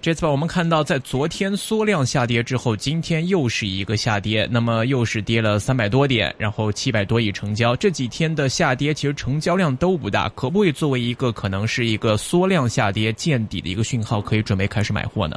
這次吧，我們看到在昨天縮量下跌之後，今天又是一個下跌，那麼又是跌了三百多點，然後七百多億成交。這幾天的下跌其實成交量都不大，可不可以作為一個可能是一個縮量下跌見底的一個訊號，可以準備開始買貨呢？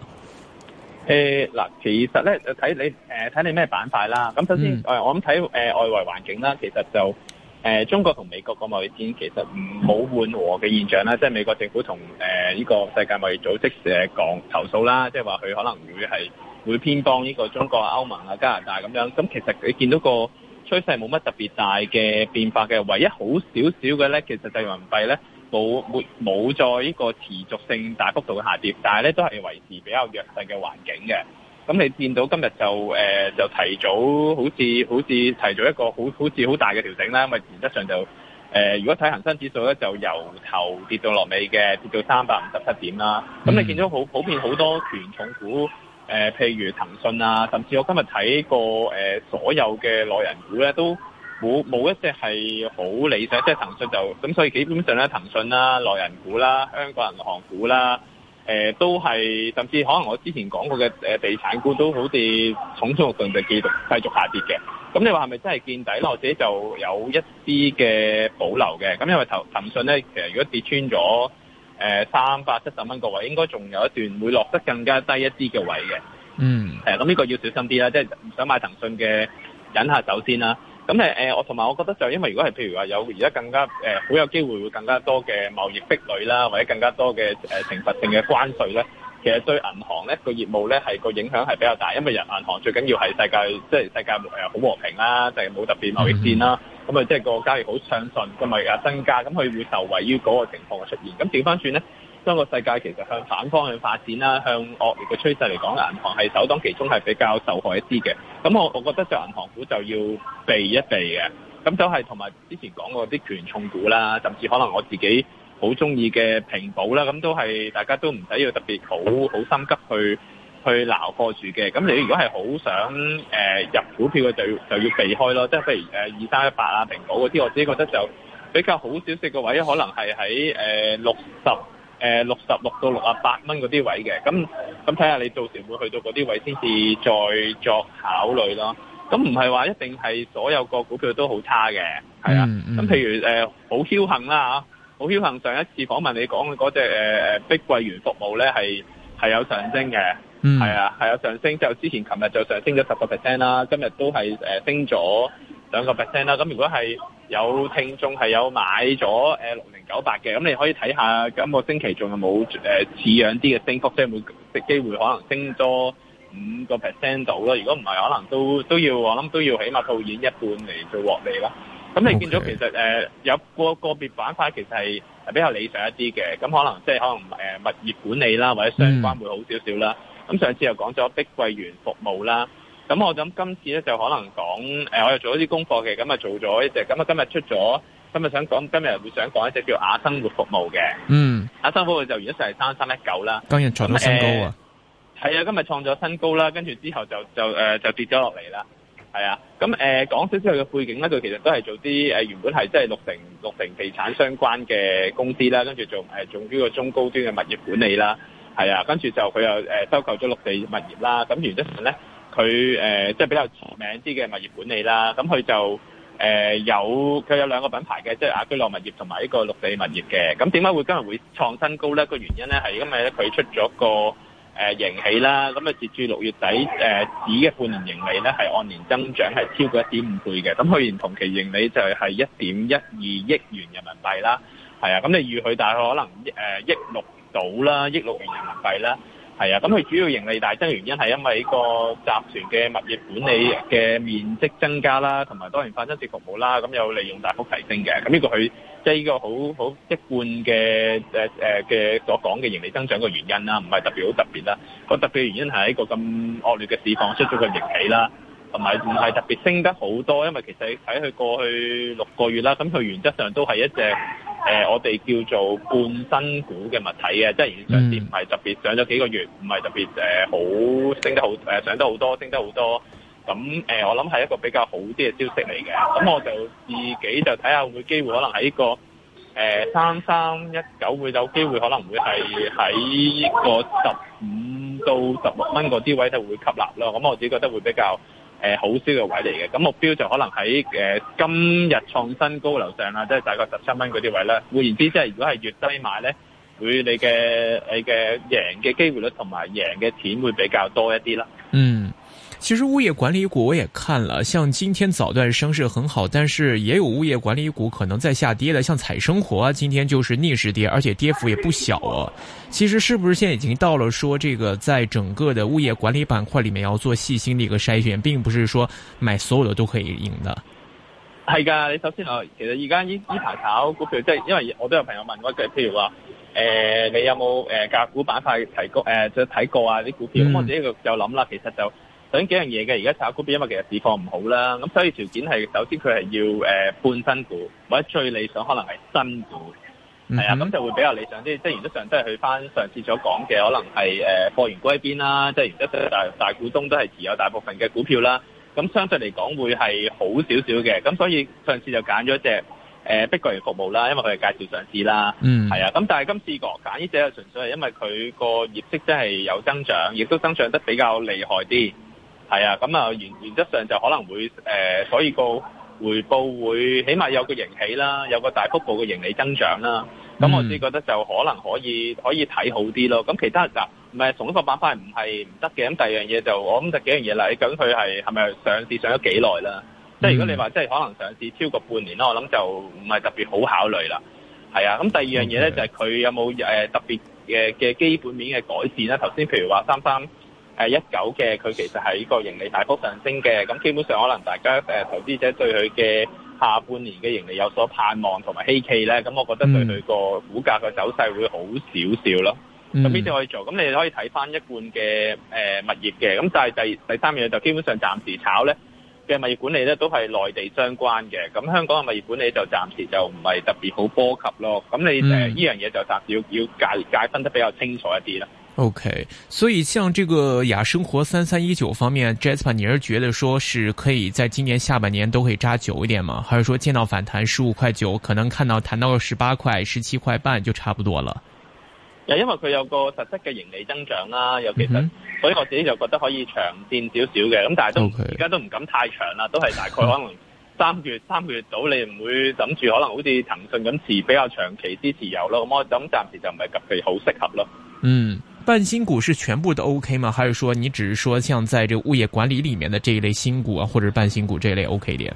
嗱、呃，其實咧就睇你，誒、呃，睇你咩板塊啦。咁首先，誒、嗯呃，我諗睇誒外圍環境啦，其實就。呃、中國同美國個貿易戰其實唔好緩和嘅現象啦，即係美國政府同呢個世界貿易組織誒講投訴啦，即係話佢可能會係會偏幫呢個中國啊、歐盟啊、加拿大咁樣。咁其實佢見到個趨勢冇乜特別大嘅變化嘅，唯一好少少嘅咧，其實就係人民幣咧冇冇再呢個持續性大幅度嘅下跌，但係咧都係維持比較弱勢嘅環境嘅。咁你見到今日就、呃、就提早好似好似提早一個好好似好大嘅調整啦，因為原則上就、呃、如果睇恒生指數咧，就由頭跌到落尾嘅，跌到三百五十七點啦。咁你見到好普遍好多權重股、呃、譬如騰訊啊，甚至我今日睇過、呃、所有嘅內人股咧，都冇冇一隻係好理想，即係騰訊就咁，所以基本上咧，騰訊啦、內人股啦、香港銀行股啦。誒、呃、都係，甚至可能我之前講過嘅、呃、地產股都好似重重哋，繼續繼續下跌嘅。咁你話係咪真係見底咧？我自己就有一啲嘅保留嘅。咁因為騰騰訊咧，其實如果跌穿咗誒三百七十蚊個位，應該仲有一段會落得更加低一啲嘅位嘅。Mm. 嗯。咁呢個要小心啲啦，即係唔想買騰訊嘅，忍下手先啦、啊。咁誒誒，我同埋我覺得就因為如果係譬如話有而家更加誒，好有機會會更加多嘅貿易壁壘啦，或者更加多嘅誒懲罰性嘅關稅咧，其實對銀行咧個業務咧係個影響係比較大，因為人銀行最緊要係世界即係世界誒好和平啦，就係冇特別貿易戰啦，咁啊即係個交易好暢順，咁咪額增加，咁佢會受惠於嗰個情況嘅出現。咁調翻轉咧。將個世界其實向反方向發展啦，向惡劣嘅趨勢嚟講，銀行係首當其衝係比較受害一啲嘅。咁我我覺得就銀行股就要避一避嘅。咁就係同埋之前講過啲權重股啦，甚至可能我自己好中意嘅平保啦，咁都係大家都唔使要特別好好心急去去撈過住嘅。咁你如果係好想誒、呃、入股票嘅，就要就要避開咯。即係譬如誒二三一八啊、平保嗰啲，我自己覺得就比較好少食嘅位，可能係喺誒六十。呃誒六十六到六啊八蚊嗰啲位嘅，咁咁睇下你到時會去到嗰啲位先至再作考慮咯。咁唔係話一定係所有個股票都好差嘅，係啊。咁、嗯嗯、譬如誒好僥幸啦好僥幸，上一次訪問你講嘅嗰隻誒、呃、碧桂園服務咧係係有上升嘅，係、嗯、啊係有上升，就之前琴日就上升咗十個 percent 啦，今日都係、呃、升咗。兩個 percent 啦，咁如果係有聽眾係有買咗誒六零九八嘅，咁你可以睇下，今個星期仲有冇、呃、似樣啲嘅升幅，即係會嘅機會可能升多五個 percent 到啦。如果唔係，可能都都要我諗都要起碼套現一半嚟做獲利啦。咁你見到其實 Okay.、呃、有個個別板塊其實係比較理想一啲嘅，咁可能即係可能物業管理啦或者相關會好少少啦。咁、mm. 上次又講咗碧桂園服務啦。咁我諗今次咧，就可能講誒，我又做咗啲功課嘅，咁啊做咗一隻，咁啊今日出咗，今日想講今日會想講一隻叫雅生活服務嘅。嗯，雅生活就而家實係三三一九啦。今日創咗新高啊！係啊，今日創咗新高啦，跟住之後就就誒就跌咗落嚟啦。係啊，咁誒講少少佢嘅背景咧，佢其實都係做啲誒原本係即係六成六成地產相關嘅公司啦，跟住做誒做呢個中高端嘅物業管理啦。係啊，跟住就佢又誒收購咗綠地物業啦。咁而家實咧。佢誒即係比較知名啲嘅物業管理啦，咁佢就誒有佢有兩個品牌嘅，即係雅居樂物業同埋一個綠地物業嘅。咁點解會今日會創新高咧？個原因咧係今日咧佢出咗個誒盈喜啦，咁啊截至六月底誒止嘅半年盈利咧係按年增長係超過一點五倍嘅。咁去年同期盈利就係一點一二億元人民幣啦，係啊，咁你預佢大概可能誒億六度啦，億六元人民幣啦。係啊，咁佢主要盈利大增嘅原因係因為呢個集團嘅物業管理嘅面積增加啦，同埋多元化增值服務啦，咁有利用大幅提升嘅。咁呢個佢即係呢個好好一貫嘅誒誒嘅所講嘅盈利增長嘅原因啦，唔係特別好特別啦，個特別嘅原因係一個咁惡劣嘅市況出咗個逆企啦，同埋唔係特別升得好多，因為其實睇佢過去六個月啦，咁佢原則上都係一隻。誒、呃，我哋叫做半新股嘅物體嘅，即係現時唔係特別上咗幾個月，唔係特別誒、呃、好升得好誒、呃、上得好多，升得好多。咁誒、呃，我諗係一個比較好啲嘅消息嚟嘅。咁我就自己就睇下會機會，可能喺個誒三三一九會有機會，可能會係喺個十五到十六蚊嗰啲位就會吸納咯。咁我自己覺得會比較。誒好少嘅位嚟嘅，咁目標就可能喺誒今日創新高樓上啦，即係大概十七蚊嗰啲位咧。換言之，即係如果係越低買咧，會你嘅誒嘅贏嘅機會率同埋贏嘅錢會比較多一啲啦。嗯。其實物業管理股我也看了，像今天早段升勢很好，但是也有物業管理股可能在下跌的，像彩生活啊，今天就是逆勢跌，而且跌幅也不小啊。其實是不是現在已經到了說這個在整個的物業管理板塊裏面要做細心的一個篩選，並不是說買所有的都可以贏的。係噶，你首先啊，其實而家依依排炒股票，即係因為我都有朋友問過，一句，譬如話，誒，你有冇誒個股板塊提過誒，即、呃、睇過啊啲股票？嗯、我自己就就諗啦，其實就。想幾樣嘢嘅，而家炒股票，因為其實市況唔好啦。咁所以條件係，首先佢係要誒半新股，或者最理想可能係新股，係啊，咁就會比較理想啲。即係原則上都係去翻上次所講嘅，可能係誒貨源歸邊啦，即係原則上大股東都係持有大部分嘅股票啦。咁相對嚟講會係好少少嘅。咁所以上次就揀咗隻誒碧桂園服務啦，因為佢係介紹上市啦，係啊。咁但係今次我揀呢隻，係純粹係因為佢個業績真係有增長，亦都增長得比較厲害啲。係啊，咁啊原原則上就可能會誒，所以個回報會起碼有個盈起啦，有個大幅度嘅盈利增長啦。咁我自己覺得就可能可以可以睇好啲咯。咁其他就，唔係同一個板塊唔係唔得嘅。咁第二樣嘢就我諗就幾樣嘢啦。咁佢係係咪上市上咗幾耐啦？即係如果你話即係可能上市超過半年啦，我諗就唔係特別好考慮啦。係啊，咁第二樣嘢咧就係佢有冇誒特別嘅嘅基本面嘅改善啦。頭先譬如話三三。係一九嘅，佢其實係個盈利大幅上升嘅，咁基本上可能大家誒投資者對佢嘅下半年嘅盈利有所盼望同埋希冀咧，咁我覺得對佢個股價嘅走勢會好少少咯。咁呢啲可以做，咁你哋可以睇翻一半嘅誒物業嘅，咁但係第第三樣嘢就基本上暫時炒咧嘅物業管理咧都係內地相關嘅，咁香港嘅物業管理就暫時就唔係特別好波及咯。咁你誒呢樣嘢就暫時要要解解分得比較清楚一啲啦。O、okay, K，所以像這個雅生活三三一九方面，Jasper，你是覺得說是可以在今年下半年都可以揸久一點嗎？還是說見到反彈十五塊九，可能看到彈到十八塊，十七塊半就差不多了？又因為佢有個實質嘅盈利增長啦，尤其係，嗯、哼所以我自己就覺得可以長線少少嘅，咁但係都而家 Okay. 都唔敢太長啦，都係大概可能三個月， 三個月到，你唔會諗住可能好似騰訊咁持比較長期支持有咯，咁我諗暫時就唔係特別好適合咯，嗯。半新股是全部都 OK 嗎？還是說你只是說，像在這個物業管理裏面的這一類新股啊，或者半新股這一類 OK 點？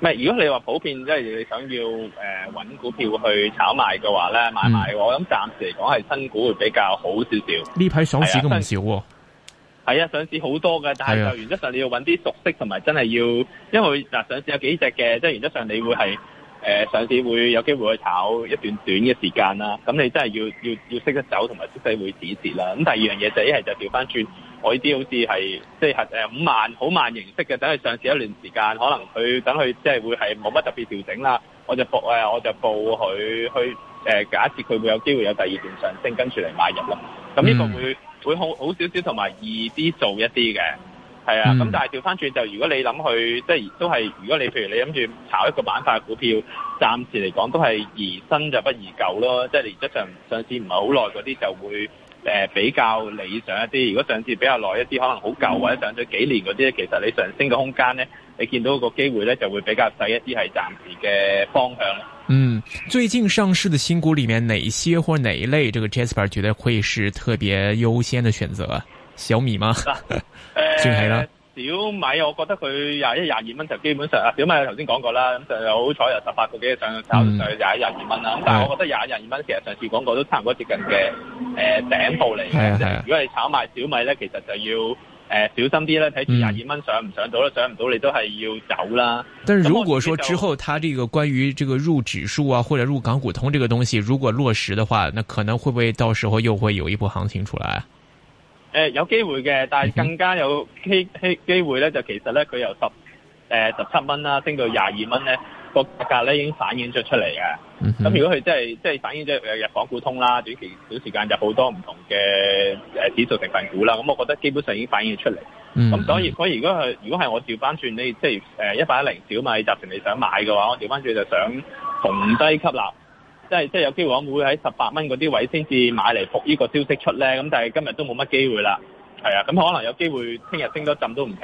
唔係，如果你話普遍，即、就、係、是、你想要誒搵、呃、股票去炒賣嘅話咧，買賣、嗯、我諗暫時嚟講係新股會比較好少少。呢排上市都唔少喎？係啊，啊，上市好多嘅，但係就原則上你要搵啲熟悉同埋真係要，因為嗱、呃、上市有幾隻嘅，即係原則上你會係。誒、呃、上市會有機會去炒一段短嘅時間啦，咁你真係要要要識得走同埋識得會止蝕啦。咁第二樣嘢就一、是、係就調翻轉，我呢啲好似係即係五萬好慢形式嘅，等佢上市一段時間，可能佢等佢即係會係冇乜特別調整啦，我就我就報佢去、呃、假設佢會有機會有第二段上升，跟住嚟買入咯。咁呢個會會好好少少同埋易啲做一啲嘅。係啊，咁但係調翻轉就，如果你諗去，即係都係，如果你譬如你諗住炒一個板塊股票，暫時嚟講都係宜新就不宜舊咯。即係實質上上市唔係好耐嗰啲就會誒比較理想一啲。如果上市比較耐一啲，可能好舊或者上咗幾年嗰啲，其實你上升嘅空間咧，你見到個機會咧就會比較細一啲，係暫時嘅方向。嗯，最近上市的新股裏面，哪一些或者哪一類，這個 Jasper 覺得會是特別優先的選擇？小米嘛， 呃、算係啦。小米，我覺得佢廿一廿二蚊就基本上啊。小米我頭先講過啦，咁就好彩有十八個幾個上到，炒到廿一廿二蚊啦。咁、嗯、但係我覺得廿一廿二蚊其實上次講過都差唔多接近嘅誒、呃、頂部嚟嘅。哎、呀如果你炒賣小米咧，其實就要誒、呃、小心啲咧，睇住廿二蚊上唔上到啦，嗯、上唔到你都係要走啦。但是如果說之後，它這個關於這個入指數啊，或者入港股通這個東西，如果落實的話，那可能會不會到時候又會有一波行情出來？誒，有機會嘅，但係更加有機會咧，就其實咧，佢由十誒十七蚊啦，升到廿二蚊咧，個價格咧已經反映咗出嚟嘅。咁、嗯、哼如果佢即係反映咗入入港股通啦，短期短時間入好多唔同嘅指數成分股啦，咁我覺得基本上已經反映咗出嚟。咁、嗯、哼所以，所以如果係如果係我調翻轉你，即係誒一百一零小米集團你想買嘅話，我調翻轉就想逢低吸納。即係即係有機會，我會喺十八蚊嗰啲位先至買嚟覆呢個消息出咧。咁但係今日都冇乜機會啦。係啊，咁可能有機會聽日升多浸都唔奇。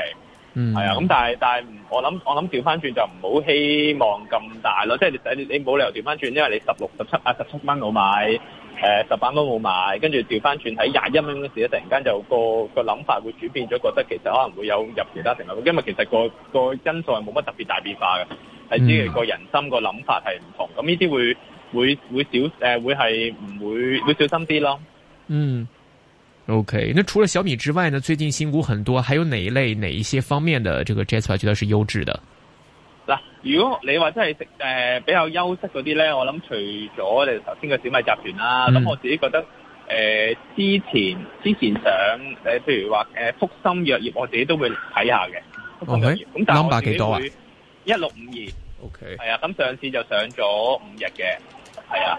嗯，係啊。咁但係但係，我諗我諗調翻轉就唔好希望咁大咯。即係你你冇理由調翻轉，因為你十六、十七啊，十七蚊冇買，誒十八蚊冇買，跟住調翻轉喺廿一蚊嗰時咧，突然間就、嗰個個諗法會轉變咗，覺得其實可能會有入其他成分股，因為其實、嗰個、嗰個因素係冇乜特別大變化嘅，係只係個人心個諗法係唔同。咁呢啲會。會會小誒、呃，會係唔會會小心啲咯？嗯，OK。那除了小米之外呢？最近新股很多，還有哪一類、哪一些方面的這個 j t s 我覺得是優質的？嗱，如果你話真係誒比較優質嗰啲呢，我諗除咗你頭先嘅小米集團啦，咁、嗯、我自己覺得誒、呃、之前之前上誒、呃、譬如話誒福森藥業，我自己都會睇下嘅。OK，藥業咁 Okay? 但係我自己會一六五二。OK、嗯。係啊，咁上次就上咗五日嘅。係啊，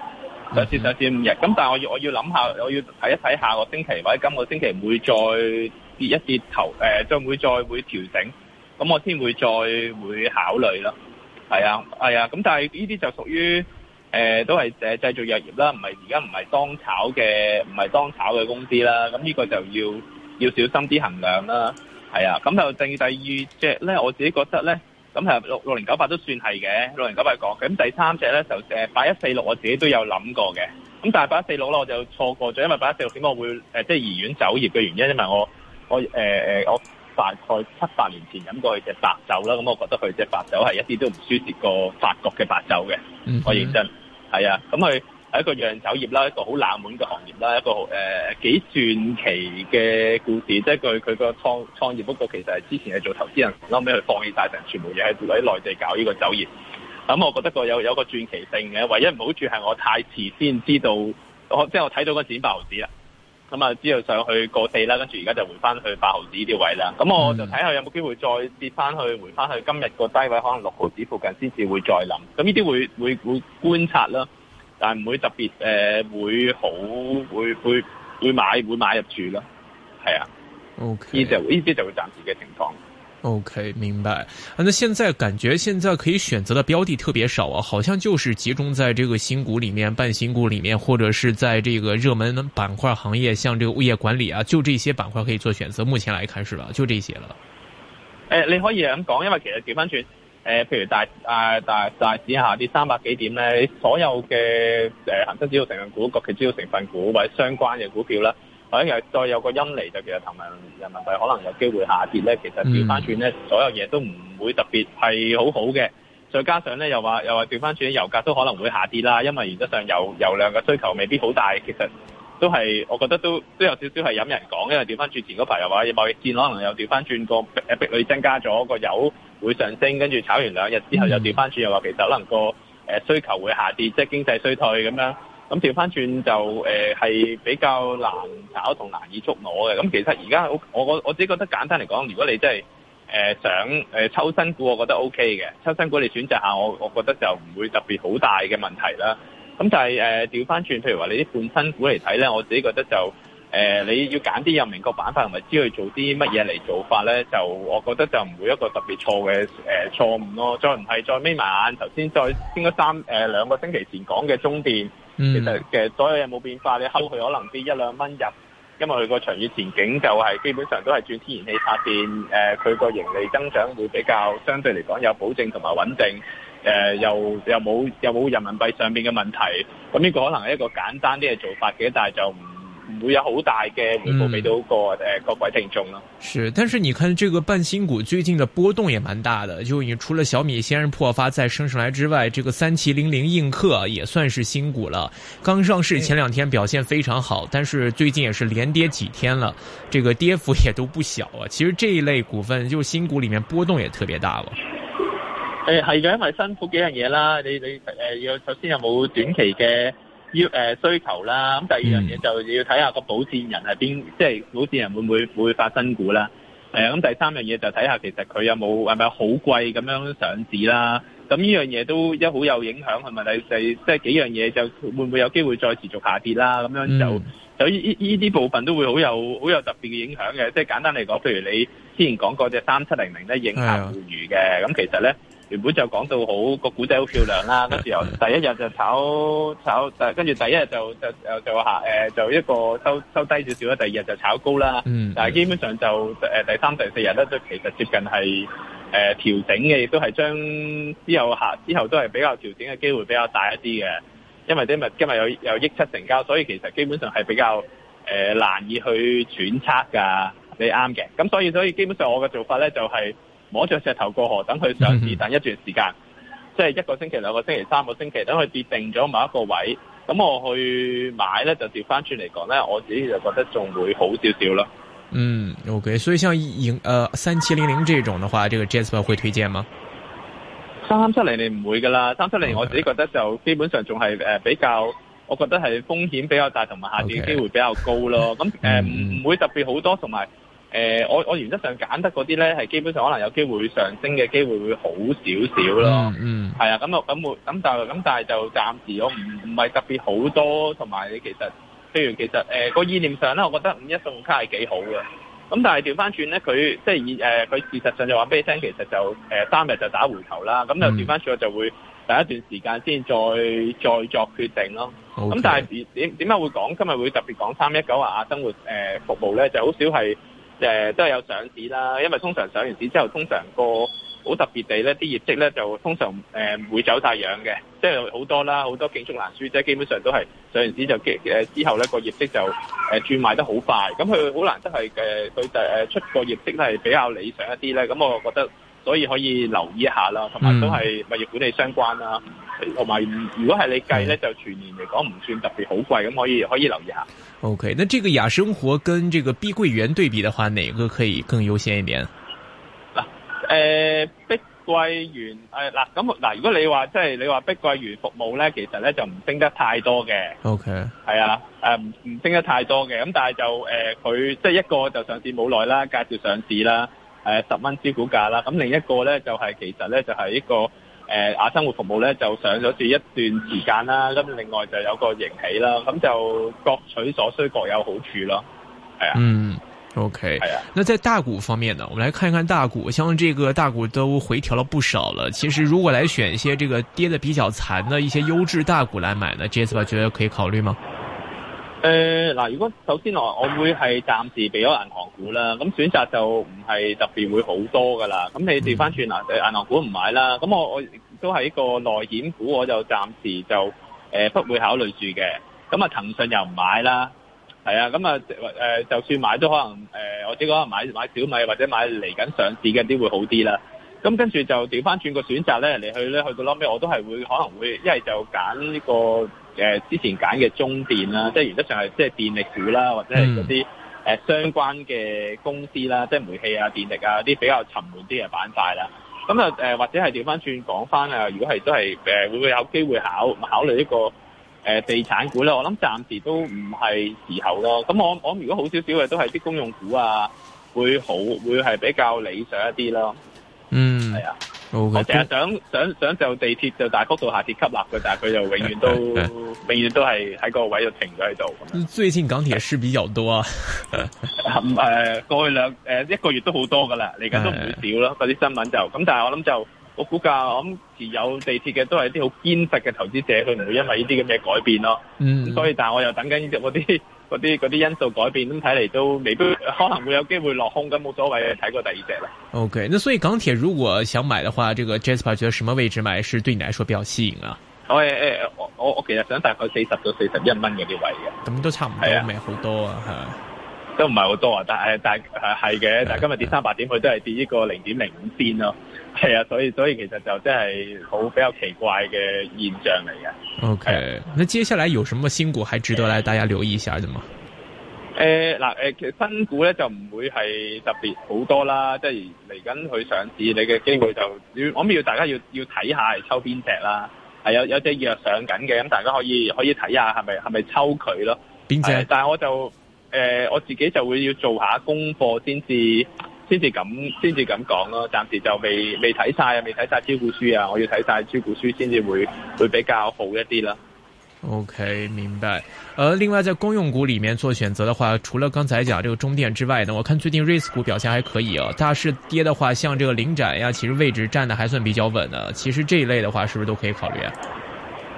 上次上次五日，咁但係我要我要諗下，我要睇一睇下個星期或者今個星期會再跌一跌頭，誒，再會再會調整，咁我先會再會考慮咯。係啊，係啊，咁但係呢啲就屬於誒，都係誒製造藥業啦，唔係而家唔係當炒嘅，唔係當炒嘅公司啦。咁呢個就要要小心啲衡量啦。係啊，咁就正第二隻，即係咧，我自己覺得咧。咁係六六零九八都算係嘅，六零九八講。咁第三隻咧就誒，八一四六，我自己都有諗過嘅。咁但係八一四六咧，我就錯過咗，因為八一四六點解會、呃、即係怡園酒業嘅原因，因為我我誒、呃、我大概七八年前飲過佢隻白酒啦。咁我覺得佢隻白酒係一啲都唔輸蝕過法國嘅白酒嘅。嗯、我認真係、嗯、啊，咁佢。喺一個釀酒業啦，一個好冷門嘅行業啦，一個誒幾、呃、傳奇嘅故事，即係佢佢個創創業。不過其實係之前係做投資人，後尾佢放棄大成全部嘢喺內地搞呢個酒業。咁、嗯、我覺得個有有一個傳奇性嘅，唯一唔好處係我太遲先知道，我即係我睇到個陣八毫子啦。咁、嗯、啊，知道上去過四啦，跟住而家就回翻去八毫子呢啲位啦。咁、嗯、我就睇下有冇機會再跌翻去，回翻去今日個低位可能六毫子附近先至會再諗。咁呢啲會會會觀察啦。但唔會特別誒、呃，會好會會會買會買入住咯，係啊。OK. 呢就呢啲就會暫時嘅情況。OK. 明白。啊，那現在感覺現在可以選擇的標的特別少啊，好像就是集中在這個新股裏面、半新股裏面，或者是在這個熱門板塊行業，像這個物業管理啊，就這些板塊可以做選擇。目前來看是吧，就這些了。誒，你可以咁講，因為其實調翻轉。誒、呃，譬如大、呃、大大市下跌三百幾點咧，所有嘅誒恆生指數成分股、國企主要成分股或者相關嘅股票啦，或者其再有個陰嚟，就其實人民人民幣可能有機會下跌咧，其實調翻轉咧，所有嘢都唔會特別係好好嘅。再加上咧，又話又話調翻轉油價都可能會下跌啦，因為原則上油油量嘅需求未必好大，其實。都係，我覺得都都有少少係引人講，因為調翻轉前嗰排又話，貿易戰可能又調翻轉個誒壁壘增加咗，個油會上升，跟住炒完兩日之後又調翻轉，又話其實可能個誒需求會下跌，即係經濟衰退咁樣。咁調翻轉就誒係、呃、比較難炒同難以捉摸嘅。咁其實而家我我我只覺得簡單嚟講，如果你真係誒、呃、想誒抽、呃、新股，我覺得 O K 嘅抽新股你選擇下，我我覺得就唔會特別好大嘅問題啦。咁但係誒調翻轉，譬如話你啲半新股嚟睇咧，我自己覺得就誒、呃、你要揀啲有明確板塊同埋知去做啲乜嘢嚟做法咧，就我覺得就唔會一個特別錯嘅誒、呃、錯誤咯。再唔係再眯埋眼，頭先再先嗰三誒、呃、兩個星期前講嘅中電，嗯、其實嘅所有嘢冇變化，你睺佢可能啲一兩蚊入，因為佢個長遠前景就係、是、基本上都係轉天然氣發電，誒佢個盈利增長會比較相對嚟講有保證同埋穩定。呃，又又冇又冇人民幣上邊嘅問題，咁呢個可能係一個簡單啲嘅做法嘅，但係就唔唔會有好大嘅回報俾到個誒各、嗯、位聽眾咯。是，但是你看這個半新股最近嘅波動也蠻大嘅，就你除了小米先是破發再升上來之外，這個三七零零映客也算是新股了，剛上市前兩天表現非常好，但是最近也是連跌幾天了，這個跌幅也都不小啊。其實這一類股份就新股裏面波動也特別大了。誒係嘅，因為辛苦幾樣嘢啦。你你誒要首先有冇短期嘅要誒需求啦。咁第二樣嘢就要睇下個保薦人係邊，即係保薦人會唔會會發新股啦？誒咁第三樣嘢就睇下其實佢有冇係咪好貴咁樣上市啦。咁呢樣嘢都都好有影響，係咪？第四即係幾樣嘢就會唔會有機會再持續下跌啦？咁樣就就呢呢呢啲部分都會好有好有特別嘅影響嘅。即係簡單嚟講，譬如你之前講過隻三七零零咧，映客互娛嘅咁，其實咧。原本就講到好個股仔好漂亮啦，跟住由第一日就炒炒，跟住第一日就就就做下、呃、一個收收低少少啦，第二日就炒高啦。嗯、但係基本上就、呃、第三、第四日咧，都其實接近係誒調整嘅，亦都係將之後之後都係比較調整嘅機會比較大一啲嘅。因為今日今日有有億七成交，所以其實基本上係比較誒、呃、難以去揣測㗎。你啱嘅，咁所以所以基本上我嘅做法咧就係、是。摸着石頭過河，等佢上市，等一段時間，嗯、即係一個星期、兩個星期、三個星期，等佢跌定咗某一個位，咁我去買呢，就掉返轉嚟講呢，我自己就覺得仲會好少少咯。嗯，OK，所以像盈，呃，三七零零這種的話，這個 Jasper 會推薦嗎？三三七零零唔會㗎喇，三七零零我自己覺得就基本上仲係誒比較，Okay. 我覺得係風險比較大，同埋下跌機會比較高咯。咁誒唔會特別好多，同埋。誒，我我原則上揀得嗰啲咧，係基本上可能有機會上升嘅機會會好少少咯。嗯，係啊，咁啊，咁會咁但係咁但係就暫時我唔唔係特別好多，同埋其實譬如其實誒個意念上咧，我覺得五一信用卡係幾好嘅。咁但係調翻轉咧，佢即係以誒佢事實上就話俾你聽，其實就誒三日就打回頭啦。咁就調翻轉，我就會第一段時間先再再作決定咯。好咁，但係點點點解會講今日會特別講三一九啊啊生活誒服務咧，就係好少係。誒、呃、都係有上市啦，因為通常上完市之後，通常個好特別地咧，啲業績咧就通常誒唔、呃、會走晒樣嘅，即係好多啦，好多競速難輸者，基本上都係上完市就、呃、之後咧個業績就誒轉賣得好快，咁佢好難得係佢就誒出個業績係比較理想一啲咧，咁我覺得所以可以留意一下啦，同埋都係物業管理相關啦。嗯。同埋，如果係你計呢，就全年嚟講唔算特別好貴，咁可以可以留意下。O、okay, K，那這個雅生活跟這個碧桂園對比的話，哪個可以更優先一點？嗱，誒，碧桂園誒，嗱咁嗱，如果你話即係你話碧桂園服務呢，其實呢就唔升得太多嘅。O K，係啊，誒、呃，唔升得太多嘅，咁但係就誒，佢、呃、即係一個就上市冇耐啦，介紹上市啦，誒、呃，十蚊招股價啦，咁另一個呢，就係、是、其實呢，就係、是、一個。誒，啊、呃，生活服務咧就上咗市一段時間啦，咁另外就有個盈起啦，咁就各取所需，各有好處咯，係啊。嗯，OK，啊、那在大股方面呢，我們來看一看大股，相信這個大股都回調了不少了。其實如果來選一些這個跌得比較殘的一些優質大股來買呢 Jason、嗯、吧覺得可以考慮嗎？誒嗱、呃，如果首先我我會係暫時避咗銀行股啦，咁選擇就唔係特別會好多噶啦。咁你調翻轉嗱，誒銀行股唔買啦，咁我我都係一個內險股，我就暫時就誒、呃、不會考慮住嘅。咁啊，騰訊又唔買啦，係啊，咁啊誒，就算買都可能誒、呃，我只可能買買小米或者買嚟緊上市嘅啲會好啲啦。咁跟住就調翻轉個選擇咧嚟去咧，去到撈尾我都係會可能會一係就揀呢、這個。誒之前揀嘅中電啦，即係原則上係即係電力股啦，或者係嗰啲誒相關嘅公司啦，嗯、即係煤氣啊、電力啊啲比較沉悶啲嘅板塊啦。咁啊誒，或者係調翻轉講翻啊，如果係都係誒，會唔會有機會考考慮呢個、呃、地產股咧？我諗暫時都唔係時候咯。咁我我諗如果好少少嘅，都係啲公用股啊，會好會係比較理想一啲咯。嗯。係啊。我成日想想想就地鐵就大幅度下跌吸納嘅，但係佢就永遠都、欸欸、永遠都係喺個位度停咗喺度。最近港鐵事比較多啊，誒過去兩誒、呃、一個月都好多噶啦，嚟緊都唔會少咯。嗰啲、欸、新聞就咁，但係我諗就。我估價，我諗持有地鐵嘅都係一啲好堅實嘅投資者，佢唔會因為呢啲咁嘅改變咯。嗯，所以但係我又等緊呢隻啲啲啲因素改變，咁睇嚟都未必可能會有機會落空，咁冇所謂，睇過第二隻啦。OK，咁所以港鐵如果想買嘅話，這個 Jasper 覺得什麼位置買是對你嚟說比較吸引啊？我誒、哎哎，我我其實想大概四十到四十一蚊嗰啲位嘅，咁都差唔多，未好、啊、多啊，都唔係好多啊，但係但係係嘅，但係今日跌三百點，佢都係跌呢個零點零五仙咯。係啊，所以所以其實就真係好比較奇怪嘅現象嚟嘅。OK，、啊、那接下來有什麼新股還值得咧？大家留意一下的嗎，咁啊、呃？誒、呃、嗱，誒其實新股咧就唔會係特別好多啦，即係嚟緊去上市你嘅機會就， 我諗要大家要要睇下係抽邊隻啦，係有有隻藥上緊嘅，咁大家可以可以睇下係咪係咪抽佢咯。邊隻製、呃？但係我就誒、呃，我自己就會要做下功課先至。先至咁先至咁講咯，暫時就未未睇晒，啊，未睇晒招股書啊，我要睇晒招股書先至會會比較好一啲啦。OK，明白。呃，另外在公用股裏面做選擇的話，除了剛才講這個中電之外，呢，我看最近瑞斯股表現還可以啊。大市跌的話，像這個領展呀，其實位置站得還算比較穩啊。其實這一類的話，是不是都可以考慮啊？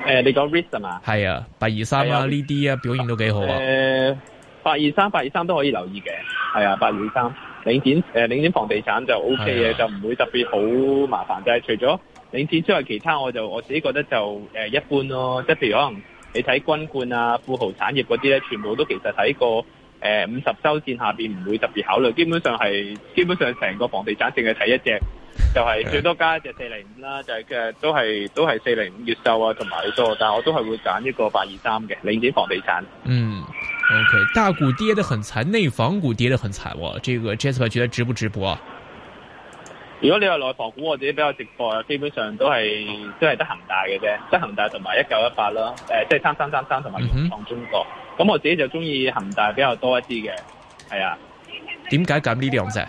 呃、你講瑞斯嘛。係啊，八二三啊呢啲啊表現都幾好啊。誒、呃，八二三、八二三都可以留意嘅。係啊，八二三。領展，誒、呃、領展房地產就 O K 嘅，就唔會特別好麻煩。但係除咗領展之外，其他我就我自己覺得就誒、呃、一般咯。即係譬如可能你睇軍冠啊、富豪產業嗰啲咧，全部都其實喺個誒五十週線下邊，唔會特別考慮，基本上係基本上成個房地產淨係睇一隻。就係最多加一隻四零五啦，就係其實都係都係四零五越秀啊，同埋好多，但係我都係會揀呢個八二三嘅，領展房地產。嗯，OK，大股跌得很慘，內房股跌得很慘喎。這個 Jasper 覺得值不值博，啊？如果你話內房股，我自己比較值博啊，基本上都係都係得恒大嘅啫，得恒大同埋一九一八囉。誒，即係三三三三同埋融創中國。咁、嗯、哼我自己就中意恒大比較多一啲嘅。係啊，點解揀呢兩隻？誒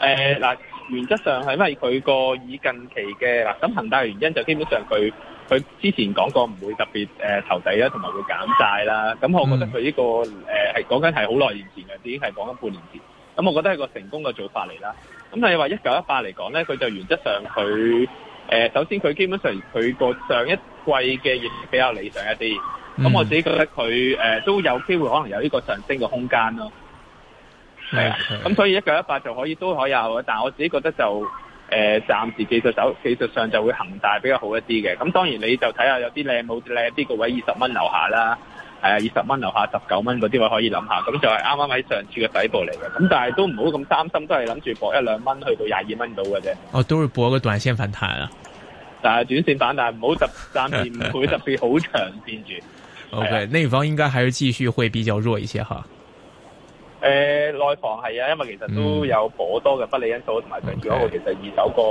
嗱、欸。呃原則上係因為佢個以近期嘅嗱咁恒大原因就基本上佢佢之前講過唔會特別誒、呃、投底啦，同埋會減債啦。咁我覺得佢呢、這個誒係講緊係好耐年前嘅，已經係講緊半年前。咁我覺得係個成功嘅做法嚟啦。咁但係話一九一八嚟講咧，佢就原則上佢誒、呃、首先佢基本上佢個上一季嘅業績比較理想一啲。咁、嗯、我自己覺得佢誒、呃、都有機會可能有呢個上升嘅空間咯。係啊，咁所以一嚿一八就可以都可以有，但係我自己覺得就誒、呃，暫時技術走技術上就會恒大比較好一啲嘅。咁當然你就睇下有啲靚冇靚啲個位二十蚊樓下啦，係啊，二十蚊樓下十九蚊嗰啲位可以諗下。咁就係啱啱喺上次嘅底部嚟嘅。咁但係都唔好咁擔心，都係諗住搏一兩蚊去到廿二蚊到嘅啫。哦，都要搏個短線反彈啊！但係短線反彈唔好十三年唔會，特別好長線住 。O K，內房應該還是繼續會比較弱一些哈。誒、呃，內房係啊，因為其實都有好多嘅、嗯、不利因素，同埋對住嗰個其實二手個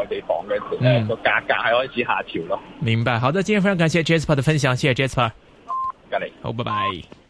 誒內地房嘅，咧個價格係開始下調咯。明白，好的，今日非常感謝 Jasper 嘅分享，謝謝 Jasper。好，拜拜。